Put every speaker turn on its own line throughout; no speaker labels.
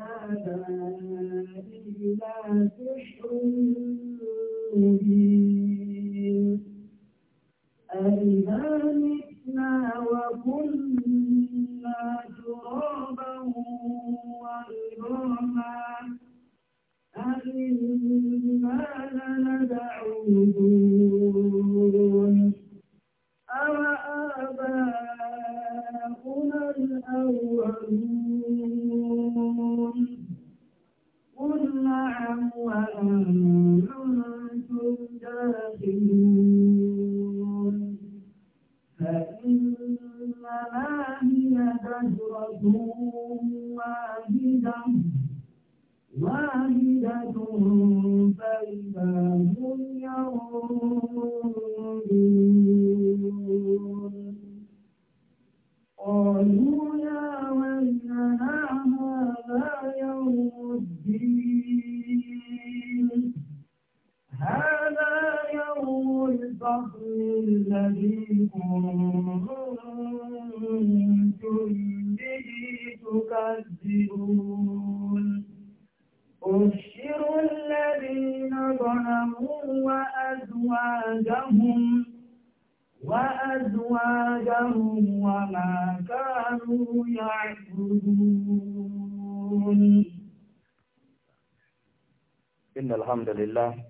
هذا إلا سحر مبين أإذا متنا وكنا ترابا وعظاما أإنا لنبعوث الذي كنتم به تكذبون أشروا الذين ظلموا وأزواجهم وأزواجهم وما كانوا يعبدون
إن الحمد لله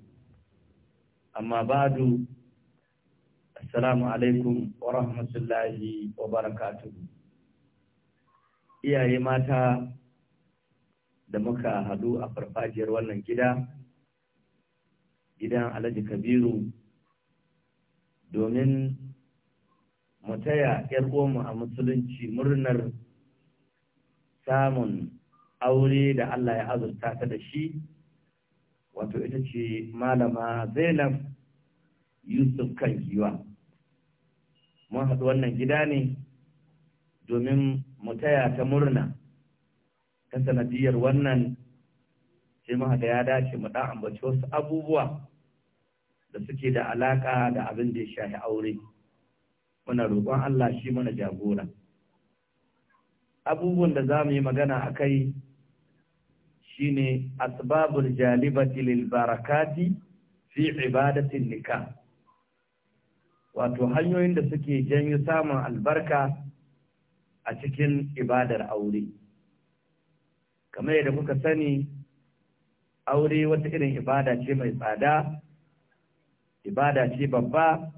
amma badu assalamu alaikum wa rahmatullahi wa barakatuhu iyaye mata da muka hadu a farfajiyar wannan gida gidan alhaji kabiru domin mu taya ‘yar uwanmu a musulunci murnar samun aure da Allah ya azurta ta da shi wato ita ce malama zainab yusuf kan giwa mun haɗu wannan gida ne domin mu taya ta murna ta sanadiyar wannan sai mu haɗa ya dace mu ɗan ambaci wasu abubuwa da suke da alaƙa da abin da ya shahi aure muna roƙon Allah shi mana jagora abubuwan da za mu yi magana a kai shine asbabul jalibati lil barakati fi ibadatin nika wato hanyoyin da suke janyo samun albarka a cikin ibadar aure kamar yadda kuka sani aure wata irin ibada ce mai tsada ibada ce babba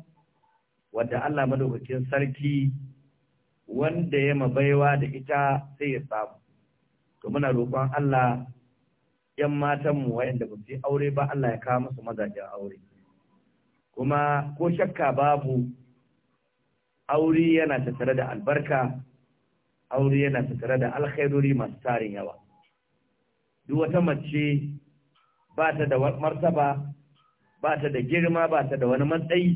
wadda Allah madaukakin sarki wanda ya mabaiwa da ita sai ya samu to muna roƙon Allah 'yan matan mu wayanda ba su yi aure ba Allah ya kawo musu mazajen aure kuma ko shakka babu aure yana tattare da albarka aure yana tattare da alkhairori masu tarin yawa duk wata mace ba ta da martaba ba ta da girma ba ta da wani matsayi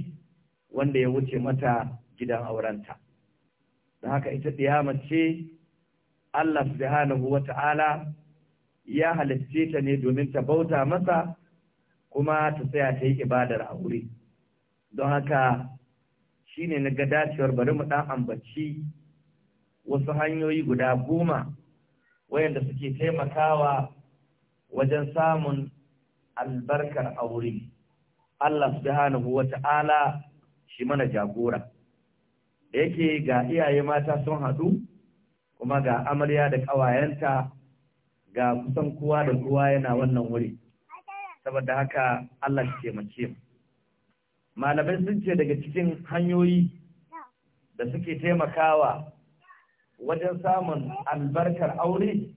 wanda ya wuce mata gidan aurenta don haka ita ɗiya mace Allah subhanahu wa ta'ala ya halicce ta ne domin ta bauta masa kuma ta tsaya ta yi ibadar a aure don haka shi ne na ga bari mu ɗan ambaci wasu hanyoyi guda goma wayanda suke taimakawa wajen samun albarkar a aure Allah subhanahu wa ta'ala shi mana jagora da yake ga iyaye mata sun haɗu kuma ga amarya da ƙawayenta ga kusan kowa da kowa yana wannan wuri saboda haka Allah ya taimake malamai sun ce daga cikin hanyoyi da suke taimakawa wajen samun albarkar aure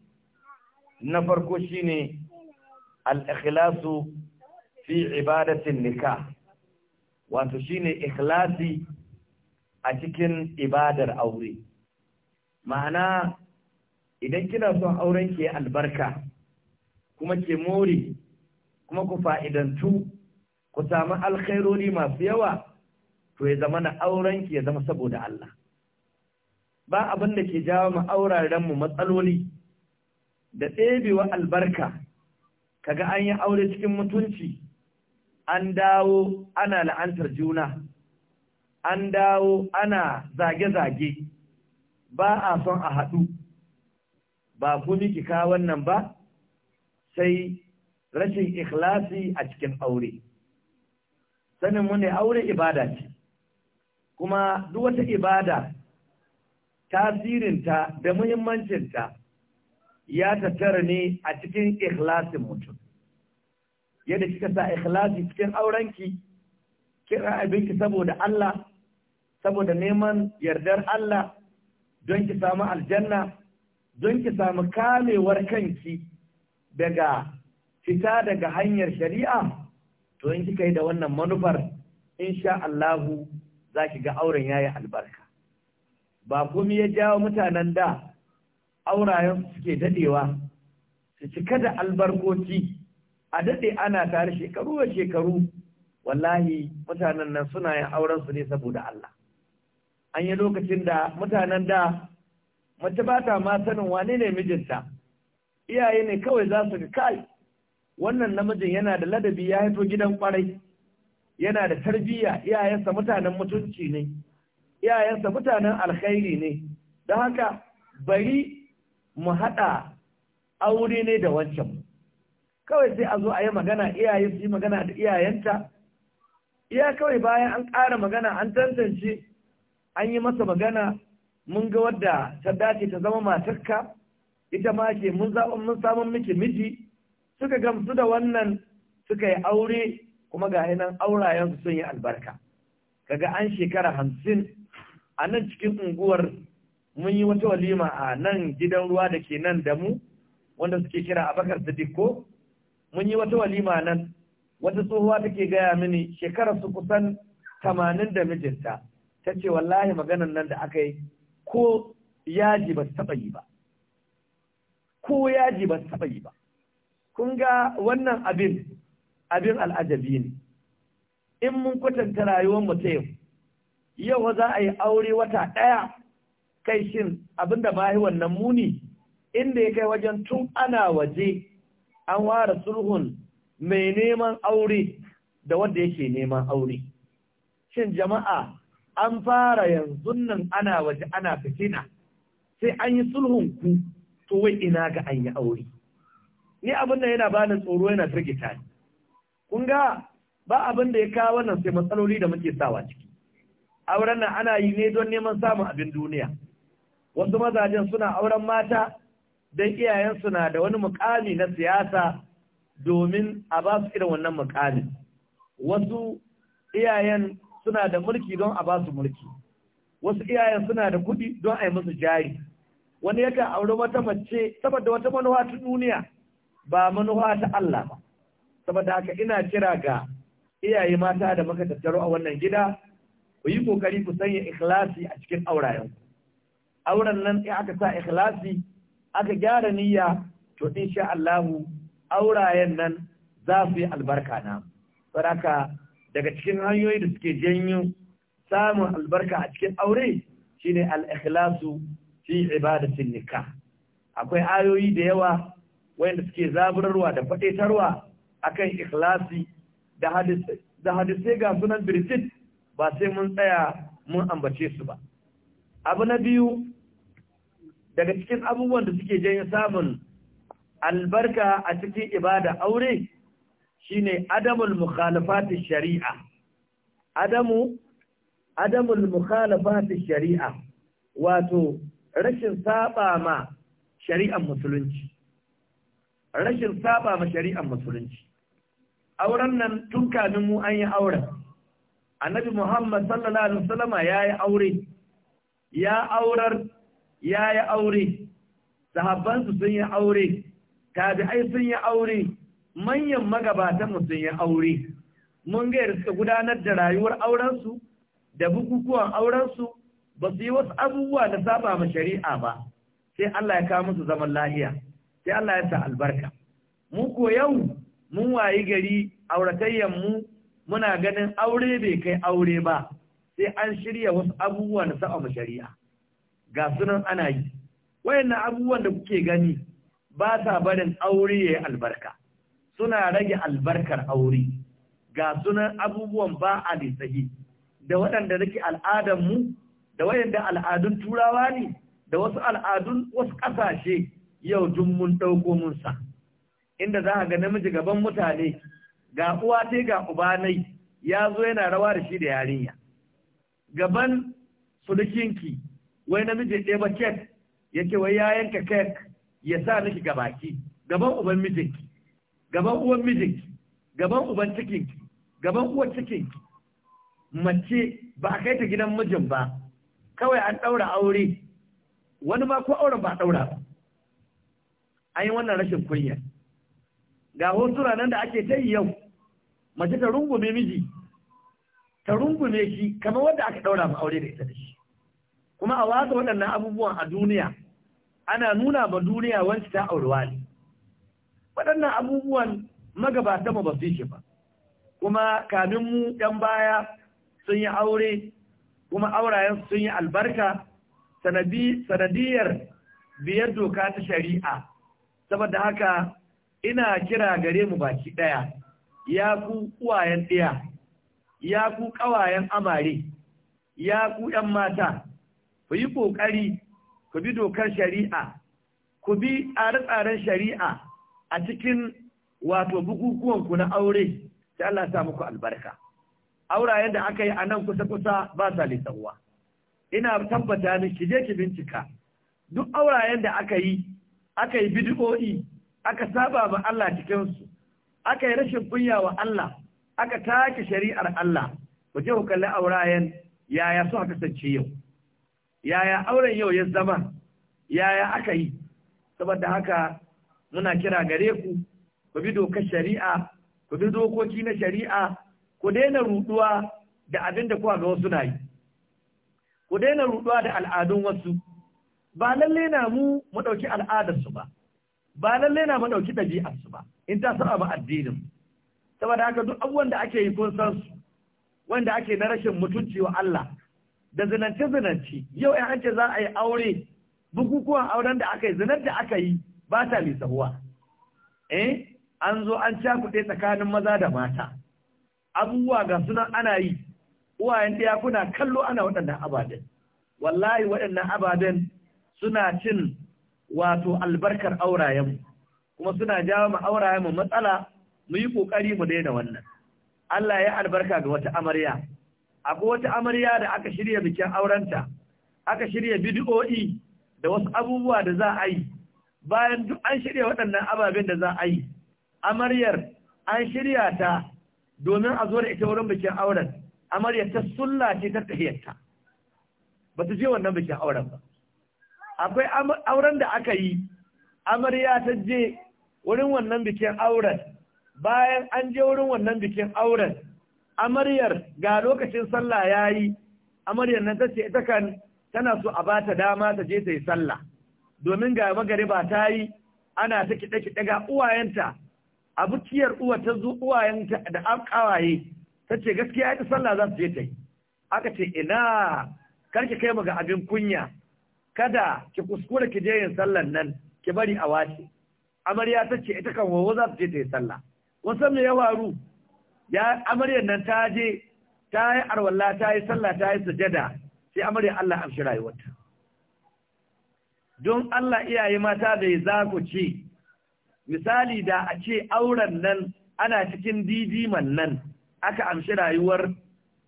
na farko shine al-ikhlasu fi ibadatin nikah wato shine ikhlasi a cikin ibadar aure ma'ana idan kina son auren ke albarka kuma ke more kuma ku fa'idantu ku sami alkhairori masu yawa to ya zama na auren ke ya zama saboda Allah ba abin da ke jawo mu matsaloli da ɗebewa albarka kaga an yi aure cikin mutunci an dawo ana la'antar juna an dawo ana zage-zage ba a son a haɗu ba ku ki ka wannan ba sai rashin ikhlasi a cikin aure sanin mu ne aure ibada ce kuma duk wata ibada tasirinta da muhimmancinta ya tattara ne a cikin ikhlasin mutum yadda kika sa ikhlasi cikin aurenki kira abinki saboda Allah saboda neman yardar Allah don ki samu aljanna don ki samu kamewar kanki daga fita daga hanyar shari'a to in kika yi da wannan manufar in sha Allahu za ki ga auren yayi albarka ba kuma ya jawo mutanen da aurayen suke dadewa su cika da albarkoci a dade ana tare shekaru da shekaru wallahi mutanen nan suna yin auren su ne saboda Allah an yi lokacin da mutanen da mace ba ta ma sanin wane ne mijinta iyaye ne kawai za su ga kai wannan namijin yana da ladabi ya haifo gidan kwarai yana da tarbiyya iyayensa mutanen mutunci ne iyayensa mutanen alkhairi ne don haka bari mu haɗa aure ne da wancan kawai sai a zo a yi magana iyaye su yi magana da iyayenta iya kawai bayan an ƙara magana an tantance an yi masa magana mun ga wadda ta dace ta zama matarka ita ma ce mun zaɓin mun samun miki miji suka gamsu da wannan suka yi aure kuma ga nan aurayen su sun yi albarka kaga an shekara hamsin a nan cikin unguwar mun yi wata walima a nan gidan ruwa da ke nan da mu wanda suke kira abakar ko? mun yi wata walima nan wata tsohuwa take gaya mini shekarar su kusan tamanin da mijinta ta ce wallahi maganan nan da aka yi ko yaji ba taɓa yi ba ko yaji ba taɓa yi ba kun ga wannan abin abin al'ajabi ne in mun kwatanta rayuwar mu ta yau yau za a yi aure wata ɗaya kai shin abinda ba yi wannan muni inda ya kai wajen tun ana waje an ware sulhun mai neman aure da wanda yake neman aure shin jama'a an fara yanzu nan ana waje ana fitina sai an yi sulhun ku to wai ina ga an yi aure ni abin nan yana bani tsoro yana firgita ni kun ga ba abin da ya kawo wannan sai matsaloli da muke sawa ciki auren nan ana yi ne don neman samun abin duniya wasu mazajen suna auren mata don iyayensu na da wani mukami na siyasa domin a ba su irin wannan mukamin wasu iyayen suna da mulki don a ba su mulki wasu iyayen suna da kuɗi don a yi musu jari wani yakan auri wata mace saboda wata manuwa ta duniya ba manuwa ta Allah ba saboda haka ina kira ga iyaye mata da muka tattaro a wannan gida ku yi kokari ku sanya ikhlasi a cikin aurayen auren nan in aka sa ikhlasi aka gyara niyya to insha Allah aurayen nan za su yi albarka na saboda daga cikin hanyoyi da suke janyo samun albarka a cikin aure shine al-ikhlasu fi ibadatin nikah akwai ayoyi da yawa wanda suke zaburarwa da fadaitarwa akan ikhlasi da hadisi da hadisi ga sunan birtit ba sai mun tsaya mun ambace su ba abu na biyu daga cikin abubuwan da suke janyo samun albarka a cikin ibada aure shine adamul mukhalafati shari'a adamu adamul mukhalafati shari'a wato rashin saba ma shari'ar musulunci rashin saba ma shari'ar musulunci auren nan tun kafin mu an yi auren annabi muhammad sallallahu alaihi wasallama ya yi aure ya aurar ya yi aure sahabbansu sun yi aure tabi'ai sun yi aure manyan magabatan mutum ya aure mun ga suka gudanar da rayuwar aurensu da bukukuwan aurensu ba su yi wasu abubuwa da saba ma shari'a ba sai Allah ya kawo musu zaman lahiya sai Allah ya sa albarka mu ko yau mun wayi gari auratayyan mu muna ganin aure bai kai aure ba sai an shirya wasu abubuwa da saba ma shari'a ga sunan ana yi wayannan abubuwan da kuke gani ba sa barin aure ya yi albarka suna rage albarkar aure ga sunan abubuwan ba a lissahi da waɗanda nake mu da wayanda al'adun turawa ne da wasu al'adun wasu ƙasashe yau dun mun ɗauko mun sa inda za a ga namiji gaban mutane ga uwa ta ga ubanai ya zo yana rawa da shi da yarinya gaban sulukinki wai namiji ɗeba kek ya ce wai ya yanka kek ya sa miki gabaki gaban uban mijinki gaban uwan mijinki gaban uban cikinki gaban uwan cikinki mace ba a kai ta gidan mijin ba kawai an ɗaura aure wani ma ko auren ba a ɗaura ba an yi wannan rashin kunya ga hotuna nan da ake ta yi yau mace ta rungume miji ta rungume shi kamar wanda aka ɗaura ma aure da ita da shi kuma a watsa waɗannan abubuwan a duniya ana nuna ma duniya wancan ta auri wani waɗannan abubuwan magabata ba su shi ba kuma kamin mu ɗan baya sun yi aure kuma aurayen sun yi albarka sanadiyar biyar doka ta shari'a saboda haka ina kira gare mu baki ɗaya ya ku uwayen ɗaya ya ku ƙawayen amare ya ku ‘yan mata ku yi ƙoƙari ku bi dokar shari'a ku bi tsare-tsaren shari'a a cikin wato bukukuwanku na aure sai Allah ya sa muku albarka aurayen da aka yi a nan kusa-kusa ba sa lissawa ina tabbata ni ki je ki bincika duk aurayen da aka yi aka yi bidiyo'i aka saba ma Allah su, aka yi rashin kunya wa Allah aka take shari'ar Allah ku je ku kalli aurayen yaya su aka sace yau yaya auren yau ya zama yaya aka yi saboda haka muna kira gare ku ku bi dokar shari'a ku bi dokoki na shari'a ku daina ruduwa da abin da kuwa ga wasu na yi ku daina ruduwa da al'adun wasu ba lalle na mu mu dauki al'adar su ba ba lalle na mu dauki dabi'ar su ba in ta saba ba addinin saboda haka duk abubuwan da ake yi kun san su wanda ake na rashin mutunci wa Allah da zinance zinance yau in an ce za a yi aure bukukuwan auren da aka yi zinar da aka yi ba ta sahuwa. eh an zo an cakuɗe tsakanin maza da mata abubuwa ga sunan ana yi uwayen ɗaya kuna kallo ana waɗannan ababen wallahi waɗannan ababen suna cin wato albarkar aurayenmu kuma suna jawo mu aurayenmu matsala mu yi ƙoƙari mu daina wannan Allah ya albarka ga wata amarya akwai wata amarya da aka shirya bikin aurenta aka shirya bidiyo'i da wasu abubuwa da za a yi bayan duk an shirya waɗannan ababen da za a yi amaryar an shirya ta domin a zo da ita wurin bikin auren amaryar ta sulla ce ta tahiyarta ba ta je wannan bikin auren ba akwai auren da aka yi amarya ta je wurin wannan bikin auren bayan an je wurin wannan bikin auren amaryar ga lokacin sallah ya yi, amaryar nan ta ce ita kan tana so a ba ta dama ta je ta yi sallah domin ga magariba ta yi ana ta kiɗe-kiɗe ga uwayenta a bukiyar uwa ta zo uwayenta da kawaye ta ce gaskiya ita sallah za su je ta yi aka ce ina karki kai mu ga abin kunya kada ki kuskura ki je yin sallan nan ki bari a wace amarya ta ce ita kan wawo za su je ta yi sallah kun san ya ya amaryar nan ta je ta yi arwalla ta yi sallah ta yi sujada sai amaryar Allah amshi rayuwarta don Allah iyaye mata da za ku ce misali da a ce auren nan ana cikin didiman nan aka amshi rayuwar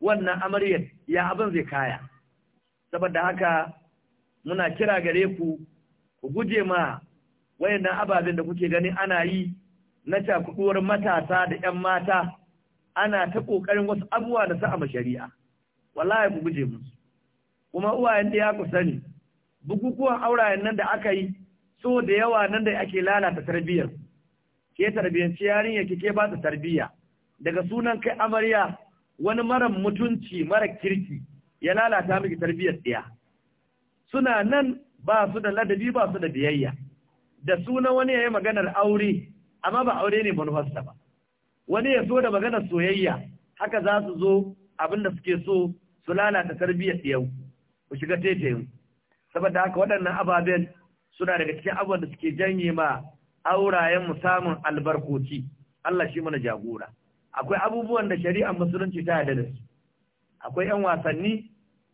wannan amaryar ya abin zai kaya saboda haka muna kira gare ku ku guje ma wayannan ababen da kuke gani ana yi na cakuduwar matasa da 'yan mata ana ta ƙoƙarin wasu abubuwa da sa'a shari'a wallahi ku guje musu kuma uwayen da ya ku sani bukukuwan aurayen nan da aka yi so da yawa nan da ake lalata tarbiyyar ke tarbiyyanci yarinya ke ba ta tarbiyya daga sunan kai amarya wani mara mutunci mara kirki ya lalata miki tarbiyyar ɗaya suna nan ba su da ladabi ba su da biyayya da suna wani ya yi maganar aure amma ba aure ne manufarsa ba wani ya so da maganar soyayya haka za su zo abin da suke so su lalata tarbiyyar ɗiyau ku shiga tetayin saboda haka waɗannan ababen suna daga cikin abubuwan da suke janye ma aurayen mu samun albarkoci Allah shi mana jagora akwai abubuwan da shari'ar musulunci ta yarda da su akwai yan wasanni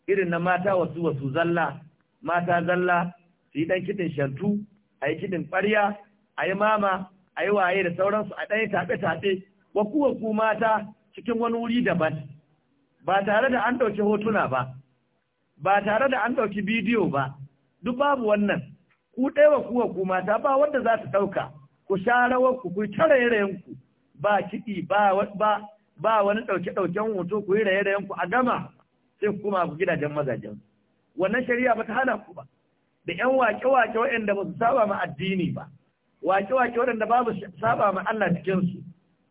irin na mata wasu wasu zalla mata zalla su yi dan kiɗin shantu a yi kiɗin ƙwarya a yi mama a yi waye da sauransu a ɗan tafe-tafe, wa waku ku mata cikin wani wuri daban ba tare da an ɗauki hotuna ba ba tare da an ɗauki bidiyo ba duk babu wannan ku ɗaya kuwa ku mata ba wanda za ta ɗauka ku sha rawar ku ku ta raye ku ba kiɗi ba ba wani ɗauke ɗauken hoto ku yi raye ku a gama sai ku kuma ku gidajen mazajen wannan shari'a ba ta hana ku ba da ƴan wake-wake waɗanda ba su saba ma addini ba wake-wake waɗanda ba su saba ma Allah cikin su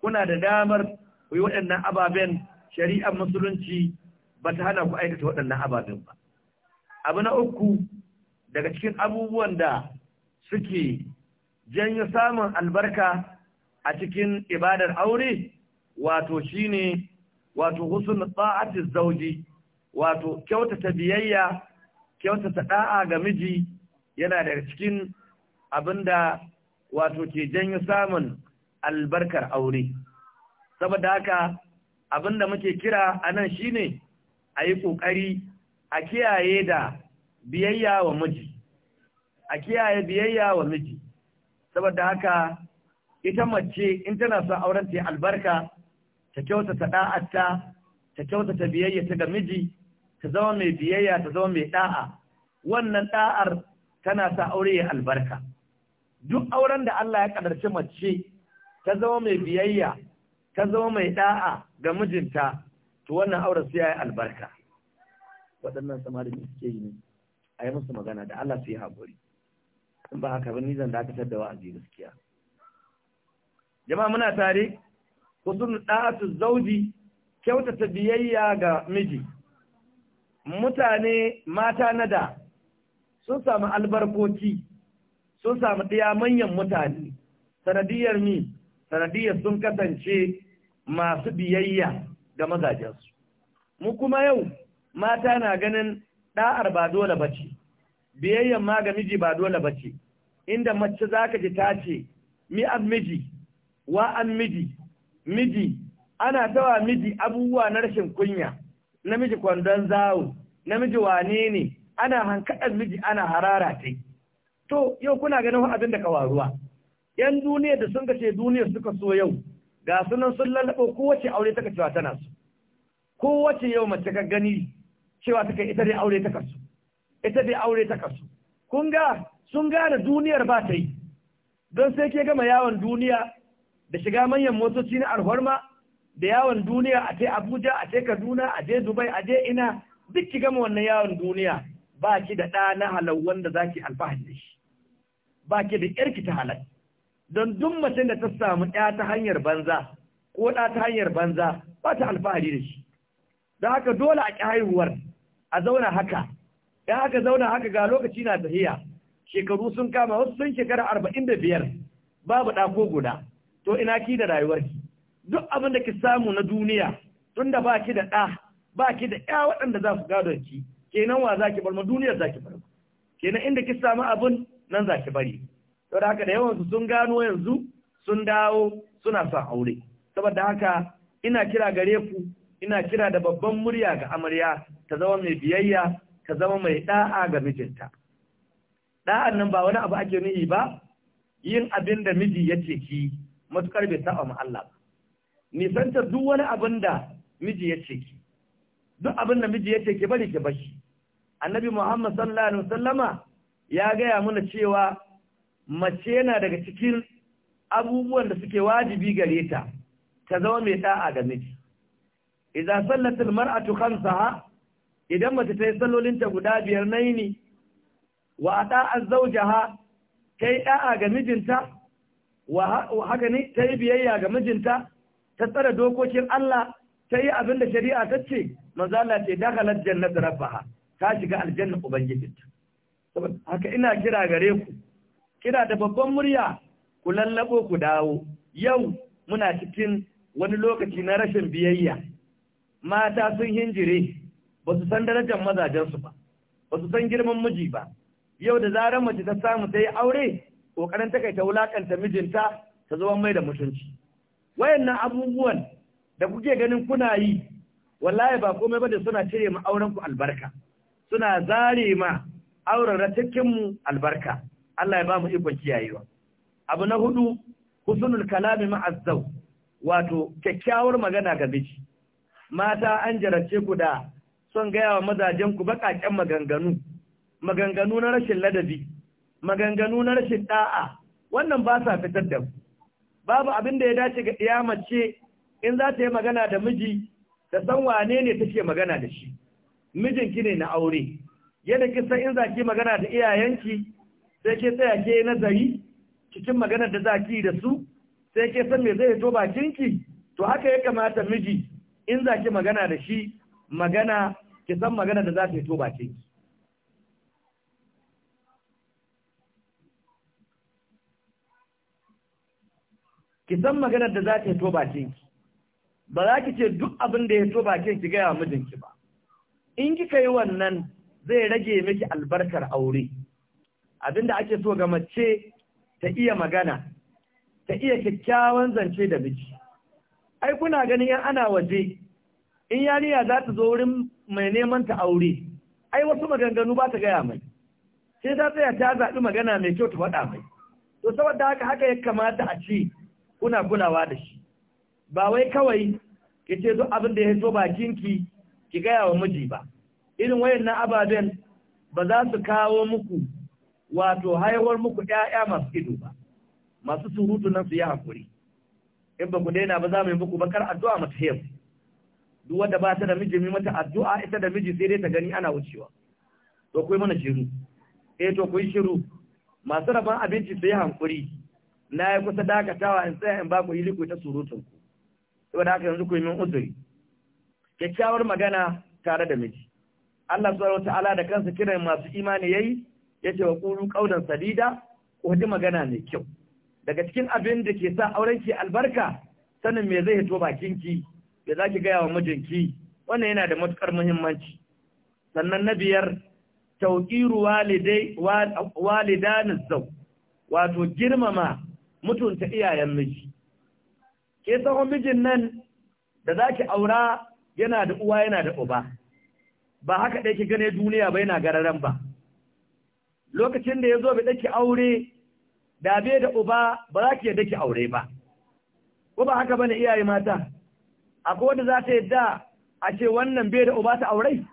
kuna da damar ku yi waɗannan ababen shari'ar musulunci ba ta hana ku aikata waɗannan ababen ba abu na uku daga cikin abubuwan da suke janyo samun albarka a cikin ibadar aure wato shine wato husun ta'ati zauji wato kyautata biyayya kyautata da'a ga miji yana daga cikin abin da wato ke janyo samun albarkar aure saboda haka abin da muke kira anan shine a yi ƙoƙari a kiyaye da biyayya wa miji a kiyaye biyayya wa miji saboda haka ita mace in tana son auren ta albarka ta kyautata ɗa'ata, ta kyautata biyayya ta ga miji ta zama mai biyayya ta zama mai ɗa'a, wannan ɗa'ar tana sa aure ya albarka duk auren da Allah ya kadarci mace ta zama mai biyayya ta zama mai ɗa'a ga mijinta to wannan auren sai ya yi albarka waɗannan samari da suke yi a yi musu magana da Allah su yi haƙuri in ba haka ba ni zan dakatar da wa'azi gaskiya jama'a muna tare husnul su zauji kyautata biyayya ga miji mutane mata na da sun samu albarkoci sun samu ɗaya manyan mutane sanadiyar mi sanadiyar sun kasance masu biyayya ga mazajensu mu kuma yau mata na ganin ɗa'ar ba dole ba ce, biyayyan ma ga miji ba dole bace inda mace za ka ji tace, ce mi an miji wa an miji miji ana tawa miji abubuwa na rashin kunya namiji kwandon zawo namiji wane ne ana hankaɗar miji ana harara ta to yau kuna ganin abin da waruwa, yan duniya da sun gace duniya suka so yau ga sunan sun lallaɓo kowace aure taka cewa tana su kowace yau mace ka gani cewa kai ita dai aure ta kasu ita dai aure ta kasu kun ga sun gane duniyar ba ta yi don sai ke gama yawon duniya da shiga manyan motoci na alhorma da yawon duniya a je abuja a je kaduna a je dubai a je ina duk ki gama wannan yawon duniya ba ki da ɗa na halau wanda za ki alfahari da shi ba ki da ƴarki ta halarci. don duk mace da ta samu ɗa ta hanyar banza ko ɗa ta hanyar banza ba ta alfahari da shi Da haka dole a ƙi haihuwar a zauna haka ya haka zauna haka ga lokaci na tahiya shekaru sun kama wasu sun shekara arba'in da biyar babu ɗa ko guda to ina ki da rayuwar ki? duk abin da ki samu na duniya tun da ba ki da ɗa ba ki da ƴa waɗanda za su gado ki kenan wa za ki bar ma duniyar za ki bar kenan inda ki samu abin nan za ki bari to da haka da yawansu sun gano yanzu sun dawo suna son aure saboda haka ina kira gare ku ina kira da babban murya ga amarya ta zama mai biyayya ta zama mai da'a ga mijinta da'an nan ba wani abu ake nuhi ba yin abin da miji ya ce ki matukar bai saba ma Allah ba nisanta duk wani abin da miji ya ce ki duk abin da miji ya ce ki bari ki bashi annabi Muhammad sallallahu alaihi wasallama ya gaya mana cewa mace yana daga cikin abubuwan da suke wajibi gare ta ta zama mai da'a ga miji idza sallat almar'atu khamsaha idan mace ta yi sallolin ta guda biyar naini wa ata'a zawjaha ta yi da'a ga mijinta wa haka ne ta yi biyayya ga mijinta ta tsara dokokin Allah ta yi abin da shari'a ta ce manzo Allah ce dakhalat jannat rabbaha ta shiga aljanna ubangijinta haka ina kira gare ku ina da babban murya ku lallabo ku dawo yau muna cikin wani lokaci na rashin biyayya mata sun hinjire ba su san darajar mazajensu ba ba su san girman miji ba yau da zarar mace ta samu ta yi aure kokarin ta kai ta wulakanta mijinta ta zama mai da mutunci wayannan abubuwan da kuke ganin kuna yi wallahi ba komai ba da suna cire mu auren ku albarka suna zare ma auren mu albarka Allah ya ba mu ikon kiyayewa abu na hudu husnul kalami ma'azzau wato kyakkyawar magana ga miji mata an jarace ku da son gaya wa mazajen ku bakaken maganganu maganganu na rashin ladabi maganganu na rashin da'a wannan ba sa fitar da ku babu abin da ya dace ga iyama mace in za ta yi magana da miji da san wane ne take magana da shi mijinki ne na aure yadda kisa in za ki magana da iyayenki sai ke tsaya ke nazari cikin maganar da za ki da su sai ke san me zai fito bakinki to haka ya kamata miji in za ki magana da shi magana ki san magana da za ta to bakinki ki san maganar da za ta fito bakinki ba za ki ce duk abin da ya to bakin ki gaya mijinki ba in kika yi wannan zai rage miki albarkar aure Abin da ake so ga mace ta iya magana ta iya kyakkyawan zance da miji ai kuna ganin yan ana waje in yariya za ta zo wurin mai neman ta aure ai wasu maganganu ba ta gaya mai sai ta tsaya ta zaɓi magana mai kyau ta faɗa mai to saboda haka haka ya kamata a ce kuna kulawa da shi ba wai kawai ki ce zo abin da ya so bakinki ki gaya wa miji ba irin wayannan ababen ba za su kawo muku wato haihuwar muku ƴaƴa masu ido ba masu surutu nan su yi hakuri in ba ku daina ba za mu yi muku bakar addu'a mata yau duk wanda ba ta da miji mai mata addu'a ita da miji sai dai ta gani ana wucewa to ku yi mana shiru eh to ku yi shiru masu rabon abinci su yi hankuri na yi kusa dakatawa in tsaya in ba ku yi liku ta surutun ku da haka yanzu ku yi min uzuri kyakkyawar magana tare da miji Allah subhanahu wa ta'ala da kansa kiran masu imani yayi yace wa qulu ƙaunar sadida ko ji magana mai kyau daga cikin abin da ke sa auren ki albarka sanin me zai hito bakin ki za zaki gaya wa mijinki wannan yana da matukar muhimmanci sannan na biyar tauqiru walidai walidan zaw wato girmama mutunta iyayen miji ke tsawon mijin nan da zaki aura yana da uwa yana da uba ba haka ɗaya ki gane duniya ba yana gararan ba lokacin da ya zo bai daki aure da bai da uba ba za ki yadda ki aure ba ko ba haka bane iyaye mata akwai wanda za ta yadda a ce wannan bai da uba ta aure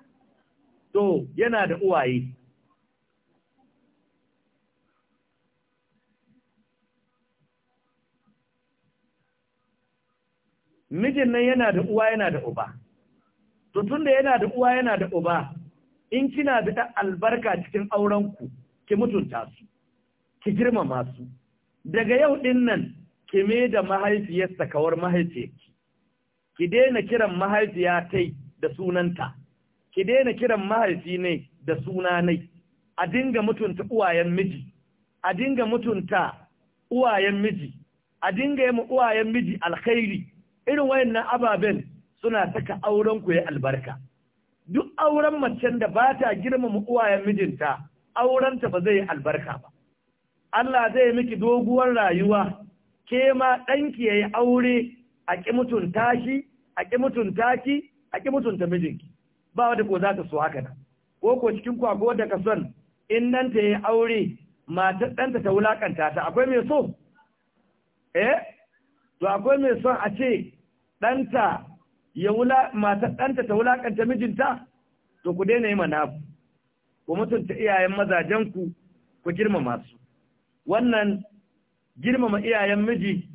to yana da uwaye mijin nan yana da uwa yana da uba to tunda yana da uwa yana da uba in kina da albarka cikin aurenku ki mutunta su ki girmama su daga yau ɗin nan ki me da mahaifiyarsa kawar mahaifiyarki ki daina kiran mahaifiya tai da sunanta ki daina kiran mahaifi ne da suna a dinga mutunta uwayen miji a dinga mutunta uwayen miji a dinga yin uwayen miji alkhairi irin wayannan ababen suna saka auren ku ya albarka duk auren macen da ba ta girmama uwayen mijinta aurenta ba zai yi albarka ba Allah zai miki doguwar rayuwa ke ma ɗanki ya yi aure a ƙi mutunta shi a ƙi mutunta ki a ƙi mutunta mijinki ba wadda ko za ta so haka nan ko ko cikin kwako da ka son in nan ta yi aure matar ɗanta ta wulaƙanta ta akwai mai so eh to akwai mai son a ce ɗanta ya wula matar ɗanta ta wulaƙanta mijinta to ku daina yi manabu ku mutunta iyayen mazajenku ku girmama su wannan girmama iyayen miji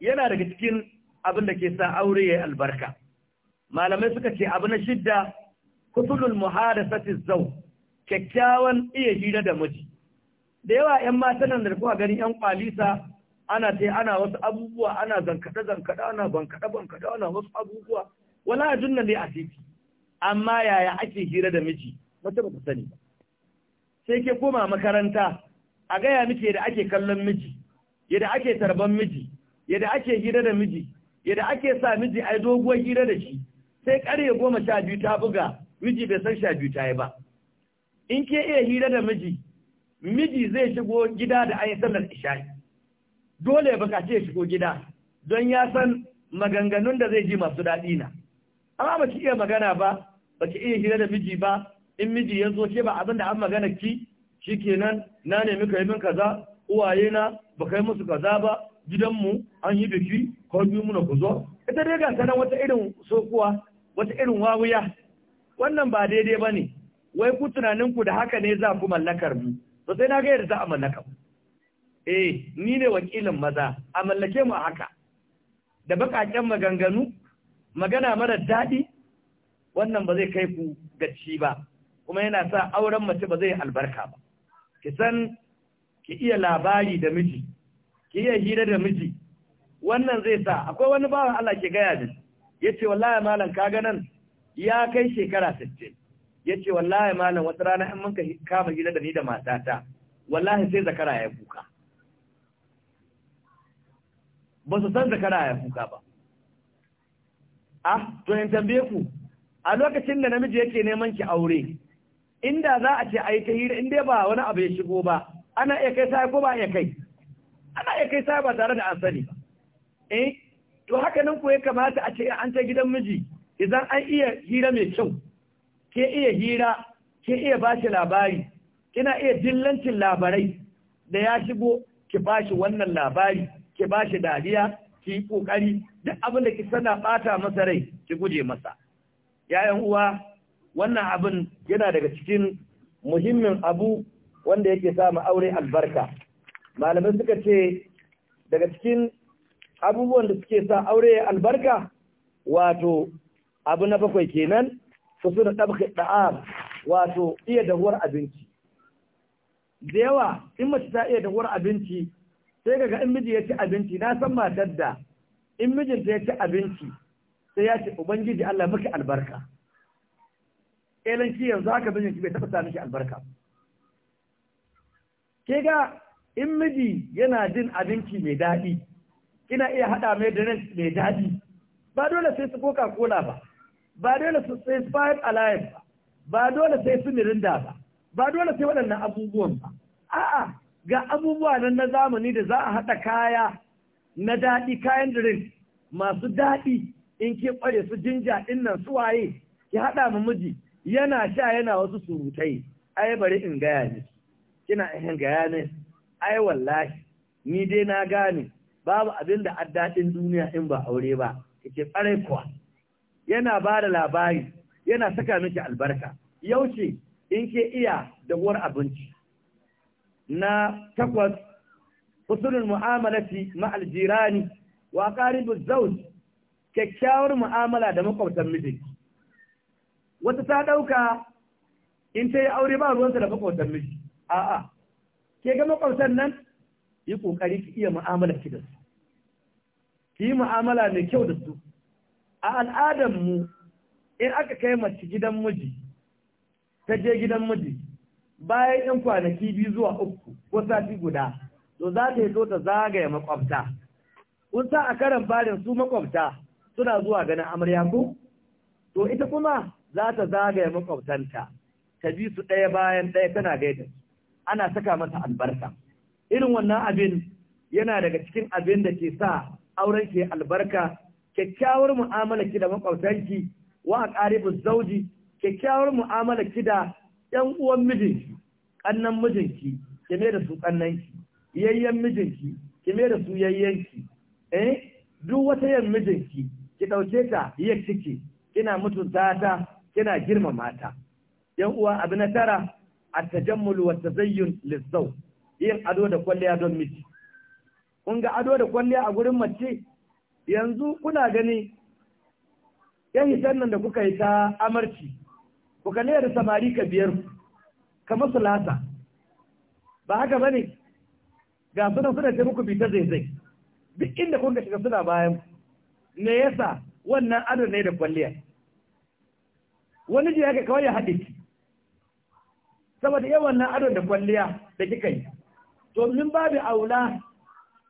yana daga cikin abin da ke sa aure ya albarka malamai suka ce abu na shidda kusulul muhadasati zau kyakkyawan iya hira da miji da yawa yan mata nan da kuka ganin yan kwalisa ana sai ana wasu abubuwa ana zankada zankada ana bankada bankada ana wasu abubuwa wala ajunna ne a titi amma yaya ake hira da miji wata ba sani ba sai ke koma makaranta a gaya miki yadda ake kallon miji yadda ake tarban miji yadda ake hira da miji yadda ake sa miji a doguwar hira da shi sai karye goma sha biyu ta buga miji bai san sha biyu ta yi ba in ke iya hira da miji miji zai shigo gida da an yi sallar isha'i dole ya ce ya shigo gida don ya san maganganun da zai ji masu daɗi na amma baki iya magana ba baki iya hira da miji ba in miji ya zo ke ba abin da an magana ki shi kenan na nemi ka yi min kaza uwaye na ba kai musu kaza ba gidanmu an yi biki ko biyu muna ku zo ita dai ganta nan wata irin sokuwa wata irin wawuya wannan ba daidai ba ne wai ku tunanin ku da haka ne za ku mallakar mu to sai na ga yadda za a mallaka mu eh ni ne wakilin maza a mallake mu haka da bakaken maganganu magana mara daɗi wannan ba zai kai ku gaci ba kuma yana sa auren mace ba zai albarka ba ki san ki iya labari da miji ki iya hira da miji wannan zai sa akwai wani bawan Allah ke gaya da yace wallahi malam kaga nan ya kai shekara 60 yace wallahi malam wata rana in mun ka kama hira da ni da matata wallahi sai zakara ya kuka ba su san zakara ya kuka ba ah to in tambaye ku a lokacin da namiji yake neman ki aure inda za a ce a yi ta hira inda ba wani abu ya shigo ba ana iya kai sai ko ba ya kai ana iya kai sai ba tare da an sani ba eh to haka nan ko ya kamata a ce an ta gidan miji idan an iya hira mai kyau ke iya hira ke iya bashi labari kina iya dillancin labarai da ya shigo ki bashi wannan labari ki bashi dariya ki yi kokari duk abin da ki sana bata masa rai ki guje masa yayan uwa wannan abin yana daga cikin muhimmin abu wanda yake sa mu aure albarka malamai suka ce daga cikin abubuwan da suke sa aure albarka wato abu na bakwai kenan su suna ɗabka ɗa'am wato iya dahuwar abinci da yawa in mace ta iya dahuwar abinci sai kaga in miji ya ci abinci na san matar da in mijinta ya ci abinci sai ya ce ubangiji Allah maka albarka elan shi yanzu haka zan shi bai taɓa sami shi albarka ke ga in miji yana jin abinci mai daɗi kina iya haɗa mai mai daɗi ba dole sai su coca cola ba ba dole su sai five alliance ba ba dole sai su mirinda ba ba dole sai waɗannan abubuwan ba a'a ga abubuwa nan na zamani da za a haɗa kaya na daɗi kayan drink masu daɗi in ke ƙware su jinja ɗin nan su waye ki haɗa mu miji yana sha yana wasu surutai ai bari in gaya ne kina in gaya ne ai wallahi ni dai na gane babu abin da addadin duniya in ba aure ba kike tsare kuwa yana ba da labari yana saka miki albarka yauce in ke iya da uwar abinci na takwas usulul mu'amalati ma'aljirani. jirani wa qaribuz zawj kyakkyawar mu'amala da makwabtan mijinki wata ta ɗauka in ta yi aure ba ruwansa da makwabtan miji a'a ke ga makwabtan nan yi kokari ki iya mu'amala ki da su ki yi mu'amala mai kyau da su a al'adar mu in aka kai mace gidan miji ta je gidan miji bayan yan kwanaki biyu zuwa uku ko sati guda to za ta yi zo ta zagaya makwabta kun sa a karan farin su makwabta suna zuwa ganin amarya ko to ita kuma za ta zagaya makwabtanta ta bi su ɗaya bayan ɗaya tana gaida ana saka mata albarka irin wannan abin yana daga cikin abin da ke sa auren ke albarka kyakkyawar mu'amala ki da makwabtanki wa aqaribu zauji kyakkyawar mu'amala ki da ƴan uwan mijinki ƙannan mijinki ki da su ƙannanki yayyen mijinki ki da su yayyenki eh duk wata yan mijinki ki ɗauke ta yar ciki kina mutunta ta kina girma mata. yan uwa abu na tara a tajammul wa tazayyun lissau yin ado da kwalliya don miji kun ga ado da kwalliya a gurin mace yanzu kuna gani yan hitar nan da kuka yi ta amarci kuka ne da samari ka biyar kamar lasa. ba haka bane ga suna suna ce muku bi ta zaizai duk inda kun ga shiga suna bayan me yasa wannan ado ne da kwalliya wani ji haka kawai ya haɗe saboda yawan na ado da kwalliya da kika yi to min babu aula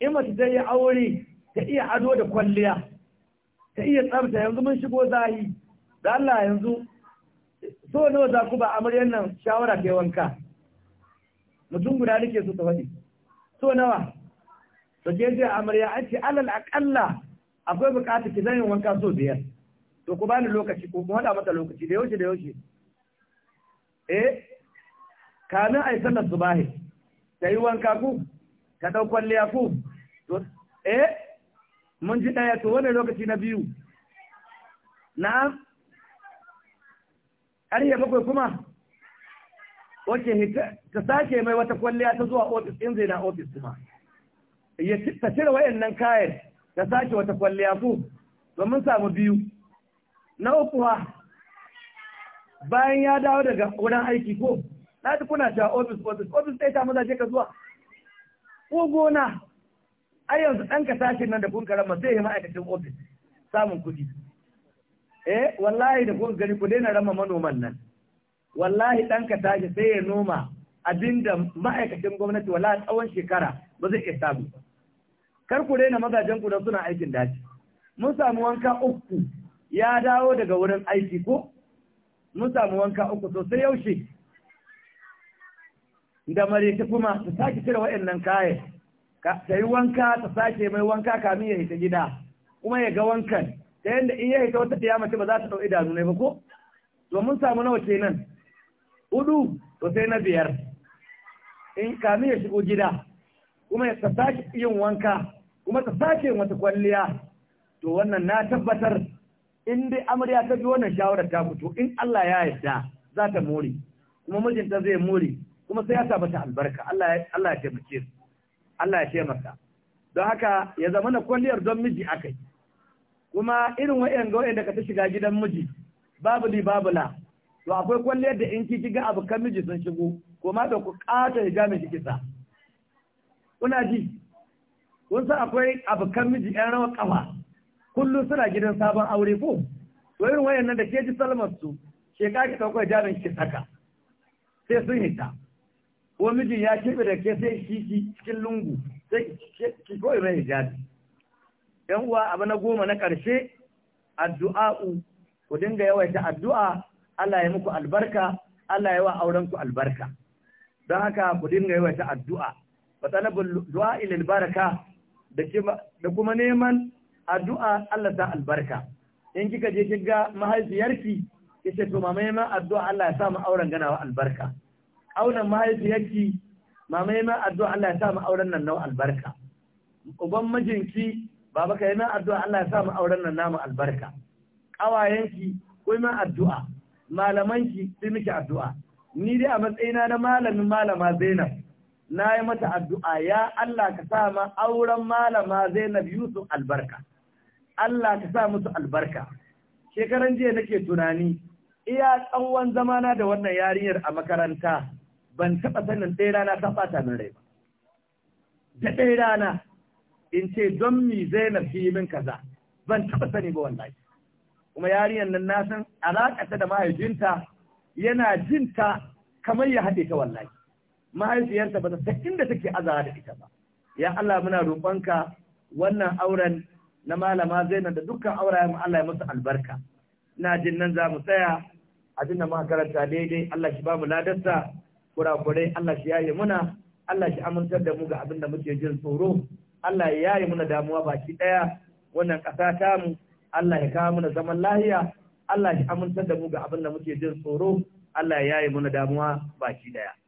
in mace ta yi aure ta iya ado da kwalliya ta iya tsabta yanzu mun shigo zahi da Allah yanzu so nawa za ku ba amaryan nan shawara ta wanka mutum guda nake so ta faɗi so nawa to je je amarya an ce alal akalla akwai bukatar ki wanka so biyar to ku bani lokaci ko ku haɗa mata lokaci da yaushe da yaushe eh kamin ai sallar subahi ta yi wanka ku ka ɗau kwalliya ku to eh mun ji ɗaya to wani lokaci na biyu na ƙarfe bakwai kuma wace ta sake mai wata kwalliya ta zuwa ofis in zai na ofis kuma ta cire wayannan kayan ta sake wata kwalliya ku domin samu biyu na uku bayan ya dawo daga wurin aiki ko na ta kuna ta ofis ofis ofis ɗaya ta maza je ka zuwa ko gona ai yanzu ɗan ka tashi nan da kun karama zai yi ma'aikacin ofis samun kuɗi eh wallahi da kun gani ku daina rama manoman nan wallahi ɗan ka tashi sai ya noma abinda ma'aikacin gwamnati a tsawon shekara ba zai iya samu kar ku daina mazajen ku don suna aikin daji mun samu wanka uku ya dawo daga wurin aiki ko mun samu wanka uku sosai yaushe da ta kuma ta sake cire waɗannan kayan ta yi wanka ta sake mai wanka kamin ya hita gida kuma ya ga wankan ta yadda in ya hita wata kiyama ce ba za ta ɗau idanu ne ba ko to mun samu nawa kenan hudu to sai na biyar in kamin ya shigo gida kuma ya sake yin wanka kuma ta sake wata kwalliya to wannan na tabbatar in dai amarya ta bi wannan shawarar ta fito in Allah ya yarda za ta more kuma mijinta zai more kuma sai ya sa mata albarka Allah ya taimake su Allah ya taimaka don haka ya zama na kwalliyar don miji akai kuma irin wa'yan ga wa'yan da ka ta shiga gidan miji babu ni babu la to akwai kwalliyar da in ki ga abu kan miji sun shigo ko ma da ku kata hijabin kike kisa. kuna ji kun san akwai abu kan miji yan rawa kafa kullum suna gidan sabon aure ko to irin nan da ke ji salmar su ke kake ɗaukar jarin ki saka sai sun hita ko mijin ya keɓe da ke sai shi cikin lungu sai ki koyi mai hijabi yan uwa abu na goma na karshe addu'a'u ku dinga yawaita addu'a Allah ya muku albarka Allah ya wa ku albarka don haka ku dinga yawaita addu'a fa talabul du'a ilal baraka da kuma neman addu'a Allah ta albarka in kika je kiga mahaifiyarki kace to mamaye ma addu'a Allah ya sa mu auren ganawa albarka auren mahaifiyarki mamaye ma addu'a Allah ya sa mu auren nan nawa albarka uban mijinki baba kai ma addu'a Allah ya sa mu auren nan namu albarka kawayenki kai ma addu'a malamanki sai miki addu'a ni dai a matsayina na malamin malama Zainab na yi mata addu'a ya Allah ka sa ma auren malama Zainab Yusuf albarka Allah ka sa musu albarka shekaran jiya nake tunani iya tsawon zamana da wannan yarinyar a makaranta ban taɓa sanin ɗaya rana ta ɓata min rai ba da ɗaya rana in ce don mi zainab fi min kaza ban taɓa sani ba wallahi kuma yarinyar nan na san ta da mahaifinta yana jin ta kamar ya haɗe ta wallahi mahaifiyarta ba ta san inda take azawa da ita ba ya Allah muna roƙonka wannan auren na malama zainab da dukkan aurayen Allah ya musu albarka ina jin nan za mu tsaya abin da muka karanta daidai Allah shi ba mu ladarsa kurakurai Allah shi yaye muna Allah shi amintar da mu ga abin da muke jin tsoro Allah ya yaye muna damuwa baki daya wannan ƙasa ta mu Allah ya kawo muna zaman lahiya Allah shi amintar da mu ga abin da muke jin tsoro Allah ya yaye muna damuwa baki ɗaya.